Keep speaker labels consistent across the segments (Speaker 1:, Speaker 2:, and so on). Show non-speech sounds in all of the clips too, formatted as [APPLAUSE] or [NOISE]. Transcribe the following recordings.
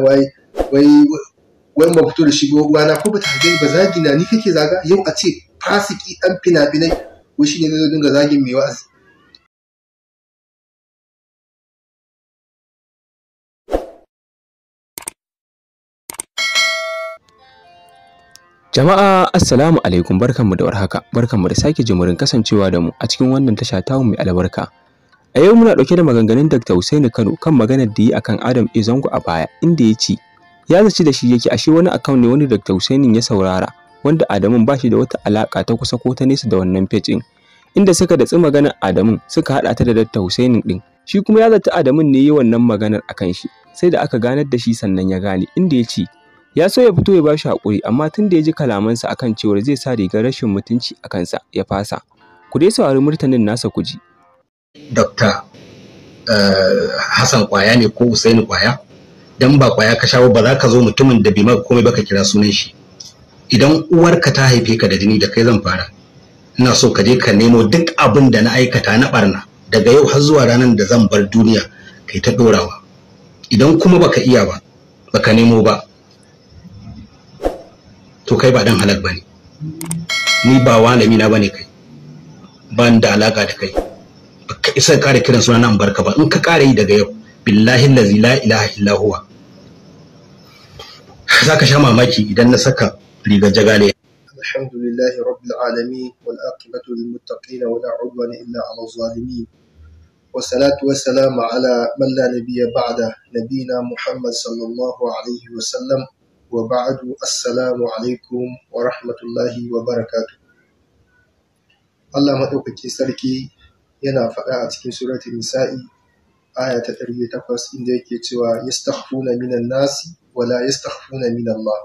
Speaker 1: wai wai wai ba fito da shigo uwana ko ta haife ba zagi na ni kake zaga yau a ce fasiki dan fina-finai ko shi ne zai dinga zagin mai wa'azi Jama'a assalamu
Speaker 2: alaikum barkanmu da warhaka barkanmu da sake jimurin kasancewa da mu a cikin wannan tasha tamu mai albarka A yau muna ɗauke da maganganun Dr. Hussaini Kano kan maganar da yi akan Adam Zango a baya inda ya ce ya zaci da shi yake ashe wani account ne wani Dr. Hussaini ya saurara wanda Adamun ba shi da wata alaka ta kusa ko ta nesa da wannan page Inda suka datsi maganar Adamun suka haɗa ta da Dr. Hussaini ɗin. Shi kuma ya zata Adamun ne yi wannan maganar akan shi sai da aka ganar da shi sannan ya gane inda ya ce ya so ya fito ya ba shi haƙuri amma tun da ya ji kalamansa akan cewar zai sa rigar rashin mutunci a kansa ya fasa. Ku dai saurari murtanin nasa ku ji. Dr. Eh, Hassan Kwaya ne ko Usaini Kwaya dan ba kwaya ka shawo ba za ka zo mutumin da bai maka komai ba ka kira sunan shi idan uwarka ta haife ka da jini da kai zan fara ina so ka je ka nemo duk abin da na aikata na barna daga yau har zuwa ranar da zan bar duniya kai ta dorawa idan kuma baka iya ba baka nemo ba to kai ba dan halak bane ni ba walami na bane kai ban da alaka da kai ki son kare kiran suna nan barka ba in ka kare yi daga yau billahi lazi la ilaha za ka sha mamaki idan na saka riga jagale
Speaker 1: alhamdulillahi rabbil alami wal aqibatu lil muttaqin wa la udwana illa ala zalimin wa salatu wa salam ala man la nabiyya ba'da nabina muhammad sallallahu alayhi wa sallam wa ba'du assalamu alaikum wa rahmatullahi wa barakatu. Allah maɗaukaki sarki yana faɗa a cikin suratul nisa'i aya ta ɗari takwas, inda yake cewa yastakhfuna minan nasi wala yastakhfuna min Allah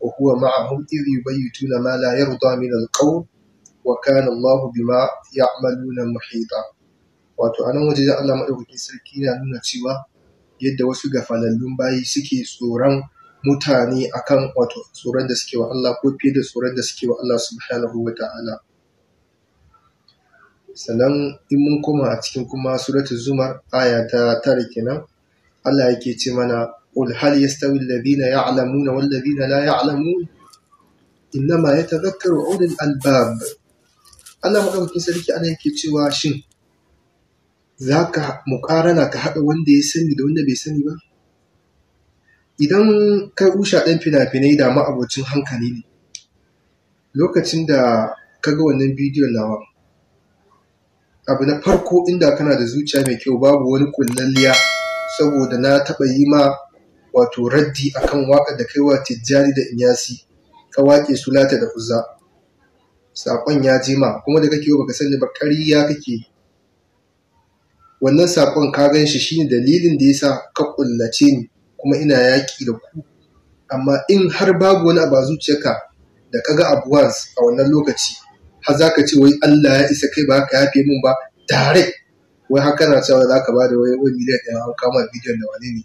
Speaker 1: wa huwa ma'ahum idh yubayituna ma la yarda min al-qawl wa kana Allah bima ya'maluna muhita wato anan waje da Allah madaukakin sarki yana nuna cewa yadda wasu gafalallun bayi suke tsoron mutane akan wato tsoron da suke wa Allah ko fiye da tsoron da suke wa Allah subhanahu wa ta'ala sannan in mun koma a cikin kuma suratul zumar aya ta tare kenan Allah yake ce mana qul hal yastawi alladhina ya'lamuna wal ladhina la ya'lamun innama yatadhakkaru ulul albab Allah madaukakin sarki ana yake cewa shin zaka muqarana ka haɗa wanda ya sani da wanda bai sani ba idan kai usha ɗan fina-finai da abocin hankali ne lokacin da ka ga wannan bidiyon nawa abu na farko inda kana da zuciya mai kyau babu wani kullalliya saboda na taɓa yi ma wato raddi akan waƙa da kai kaiwa tijjani da inyasi ka waƙe sulata da uzza saƙon ya je ma kuma da kake baka sani ba ƙarya kake wannan saƙon ka gan shi shine dalilin da ya sa ka ƙullace ni kuma ina yaƙi da ku amma in har babu wani abu a zuciyarka da ka ga a wannan lokaci har za ka ce wai Allah ya isa kai ba ka yafe min ba tare wai haka na cewa za ka ba da wai wai miliyan ɗaya an kama bidiyon da wani ne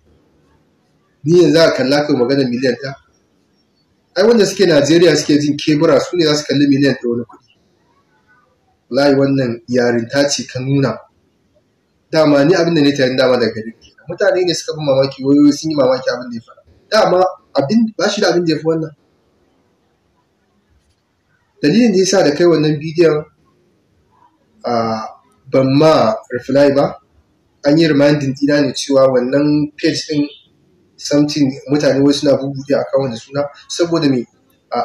Speaker 1: ni yanzu ka kalla kai magana miliyan ta ai wanda suke Najeriya suke jin kebura su ne za su kalli miliyan ɗaya wani kuɗi wallahi wannan yarinta ce ka nuna dama ni abin da ne tayin dama daga gari mutane ne suka fi mamaki wayoyi sun yi mamaki abin da ya faru dama abin ba shi da abin da ya fi wannan dalilin da yasa da kai wannan bidiyon ban ma reply ba an yi reminding dina ne cewa wannan page din something mutane wasu na bubuɗe a kawon da suna saboda me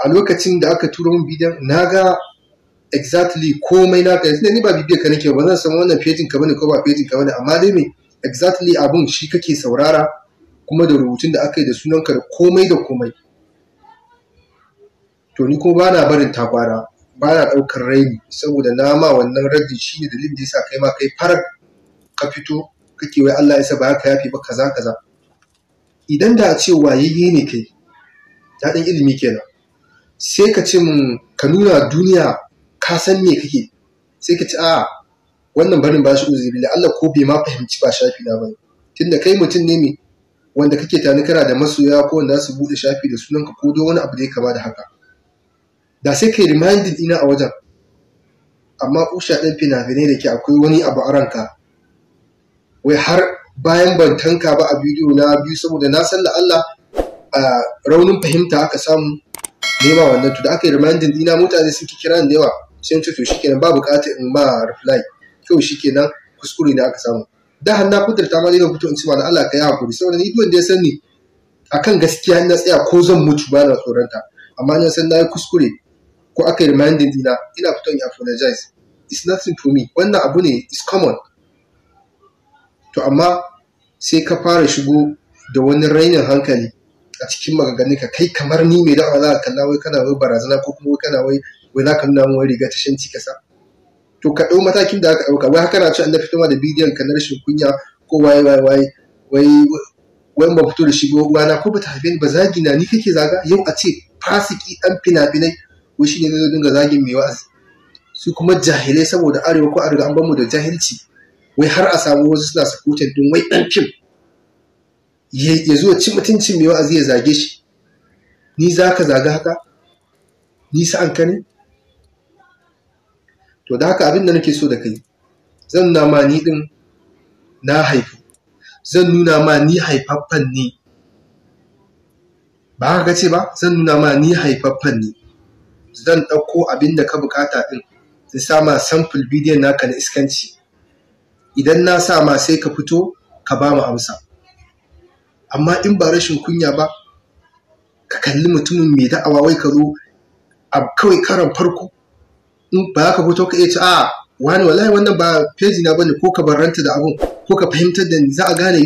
Speaker 1: a lokacin da aka turo min bidiyon na ga exactly komai na kai ni ba bibiya ka nake ba zan san wannan pejin ka bane ko ba pejin ka bane amma dai me exactly abin shi kake saurara kuma da rubutun da aka yi da sunan ka da komai da komai to ni ko bana barin ta kwana ɗaukar raini saboda na ma wannan raddi shi ne dalilin da yasa kai ma kai farar ka fito kake wai Allah yasa ba ka yafi ba kaza kaza idan da a ce wayayye ne kai dan ilimi kenan sai ka ce mun ka nuna duniya ka san me kake sai ka ce a wannan barin ba shi uzuri Allah ko bai ma fahimci ba shafi na bane tunda kai mutum ne me wanda kake tani kana da masoya ko wanda su bude shafi da sunanka ko don wani abu da ya kama da haka da sai kai reminding ina a wajen amma usha ɗan fina-finai da ke akwai wani abu a ranka wai har bayan ban tanka ba a bidiyo na biyu saboda na san Allah a raunin fahimta aka samu nema wannan to da aka yi reminding dina mutane suke kira da yawa sai to to shikenan ba bukatar in ma reply to shikenan kuskure ne aka samu da hanna kudurta ma zai fito in ci ma da Allah ka yi hakuri saboda ni duk da ya sani akan gaskiya na tsaya ko zan mutu ba na tsoronta amma na san na yi kuskure ko aka yi reminding dina ina fito in apologize it's nothing for me wannan abu ne it's common to amma sai ka fara shigo da wani rainin hankali a cikin maganganun ka kai kamar ni mai da'awa za ka kalla wai kana wai barazana ko kuma wai kana wai wai za ka nuna min wai riga ta shanci kasa to ka ɗau matakin da aka ɗauka wai haka na ci an da fito ma da bidiyon ka na rashin kunya ko wai-wai-wai, wai wai ba fito da shigo Wana ko ba ta haife ni ba na ni kake zaga yau a ce fasiki dan fina-finai ko shi ne zai dinga zagin mai wa'azi su kuma jahilai saboda arewa ko a riga an bamu da jahilci wai har a samu wasu suna su sukutan din wai dan fim ya zo ci mutuncin mai wa'azi ya zage shi ni za ka zaga haka ni sa'an ka ne to da haka abin da nake so da kai zan nuna ma ni din na haifu zan nuna ma ni haifaffen ne ba haka ce ba zan nuna ma ni haifaffen ne zan ɗauko abin da ka bukata ɗin in sa ma samfil bidiyon naka na iskanci idan na sa ma sai ka fito ka ba mu amsa amma in ba rashin kunya ba ka kalli mutumin mai da'awa wai ka zo a kawai karan farko in ba ka fito ka iya ce a ah, wani wallahi wannan ba feji na bane ko ka barranta da abun ko ka fahimtar da ni za a gane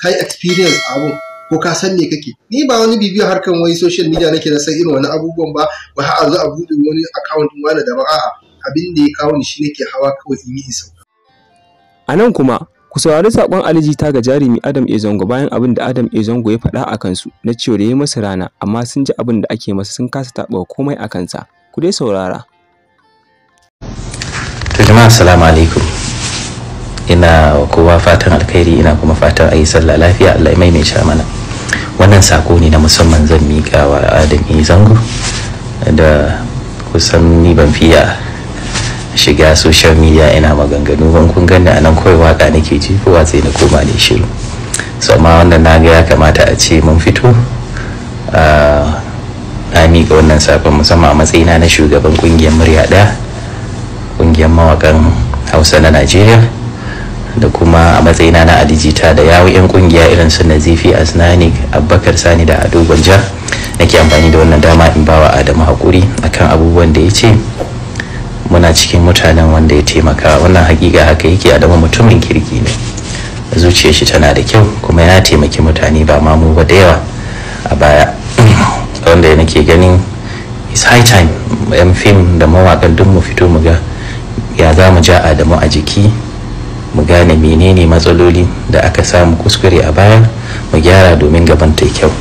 Speaker 1: ka yi experience a abun ko ka san me kake ni ba wani bibiyar harkan wai social media nake na san irin wani abubuwan ba ba har a zo buɗe wani account wani da ba abin da ya kawo ni shi nake hawa kawai in yi a nan
Speaker 2: kuma ku saurari saƙon aliji ta ga jarumi adam ezongo bayan abin da adam ezongo ya faɗa a kansu na cewa da ya masa rana amma sun ji abin da ake masa sun kasa taɓa komai a kansa ku dai saurara
Speaker 3: to jama'a assalamu alaikum ina kowa fatan alkhairi ina kuma fatan a yi sallah lafiya allah mai mai sha mana wannan sako ne na musamman zan miƙa wa adami e. zango da kusan ni ban fiya shiga social media ina maganganu ban kun gani a nan kawai waka nake ji kowa sai na koma ne shiru so amma wannan na ga ya kamata a ce mun fito a mika wannan sakon musamman a matsayina na shugaban ƙungiyar murya ɗaya ƙungiyar mawakan hausa na najeriya da kuma a matsayina na alijita da yawo 'yan kungiya irin su nazifi sinani abubakar sani da ado gwanja nake amfani da wannan dama in bawa adamu haƙuri akan abubuwan da ya ce muna cikin mutanen wanda ya taimaka wannan hakika haka yake adamu mutumin kirki ne zuciyar shi tana da kyau kuma ya taimaki mutane ba ma mu ba da yawa a baya [CLEARS THROAT] wanda nake ganin is high time yan fim da mawakan duk mu fito mu ga ya za mu ja adamu a jiki mu gane menene matsaloli da aka samu kuskure a baya mu gyara domin gaban ta kyau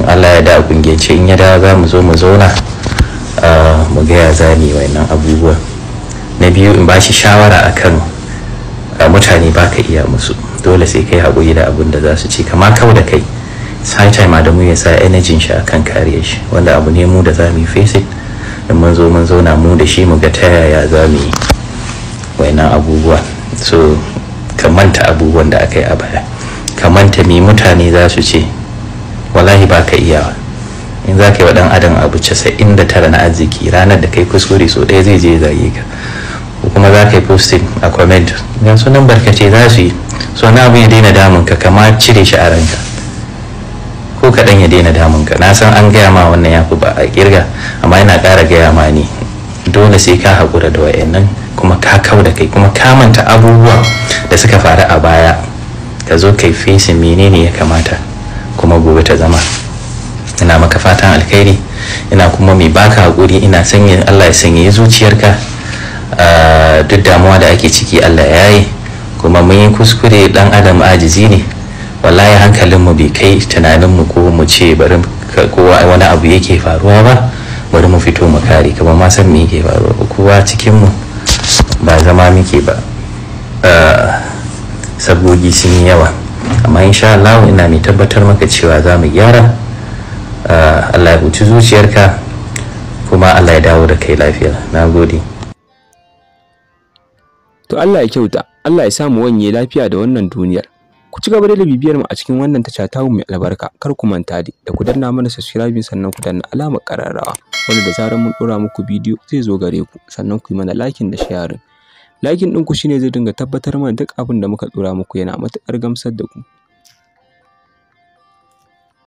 Speaker 3: in allah ya da kungiyance in ya da za mu zo mu zauna mu gaya zani wayannan abubuwa na biyu in ba shi shawara akan mutane ba ka iya musu dole sai kai hakuri da abin da za su ci kama kau da kai sai time da mu ya sa energy shi akan kariya shi wanda abu ne mu da za mu yi face it in mun zo mun zauna mu da shi mu ga ta yaya za mu yi wayannan abubuwa so ka manta abubuwan da aka yi a baya ka manta me mutane za su ce wallahi ba ka iyawa in za ka yi wa dan adam abu casa'in da tara na arziki ranar da kai kuskure so ɗaya zai je zage ka ko kuma za ka yi posting a comment don sunan barkace za su yi so na abu ya daina damun ka kama cire shi a ranka ko kaɗan ya daina damun ka na san an gaya ma wannan ya fi ba a kirga amma yana ƙara gaya ma ni dole sai ka haƙura da wayannan kuma ka kau da kai kuma ka manta abubuwa da suka faru a baya ka zo kai fesa menene ya kamata kuma gobe ta zama ina maka fatan alkhairi ina kuma mai baka hakuri ina sanya Allah ya sanya zuciyarka ah, duk damuwa da ake ciki Allah ya yi kuma mun yi kuskure dan adam ajizi ne wallahi hankalinmu bai kai tunaninmu ko mu ce bari kowa wani abu yake faruwa ba bari mu fito mu kare ka ba ma san me yake faruwa kowa cikin mu ba zama muke ba ah, sabogi sun yi yawa amma insha Allah ina mai tabbatar maka cewa za mu gyara ah, Allah ya huci zuciyarka kuma Allah ya dawo da kai lafiya na gode
Speaker 2: to Allah ya kyauta Allah ya samu wanye lafiya da wannan duniyar Ku ci gaba da bibiyar mu a cikin wannan tasha ta mai albarka. Kar ku manta da ku danna mana subscribe sannan ku danna alamar ƙararrawa. Wanda da zarar mun dora muku bidiyo zai zo gare ku sannan ku yi mana lakin da sharing. din ɗinku shine zai dinga tabbatar mana duk abin da muka dora muku yana matukar gamsar da ku.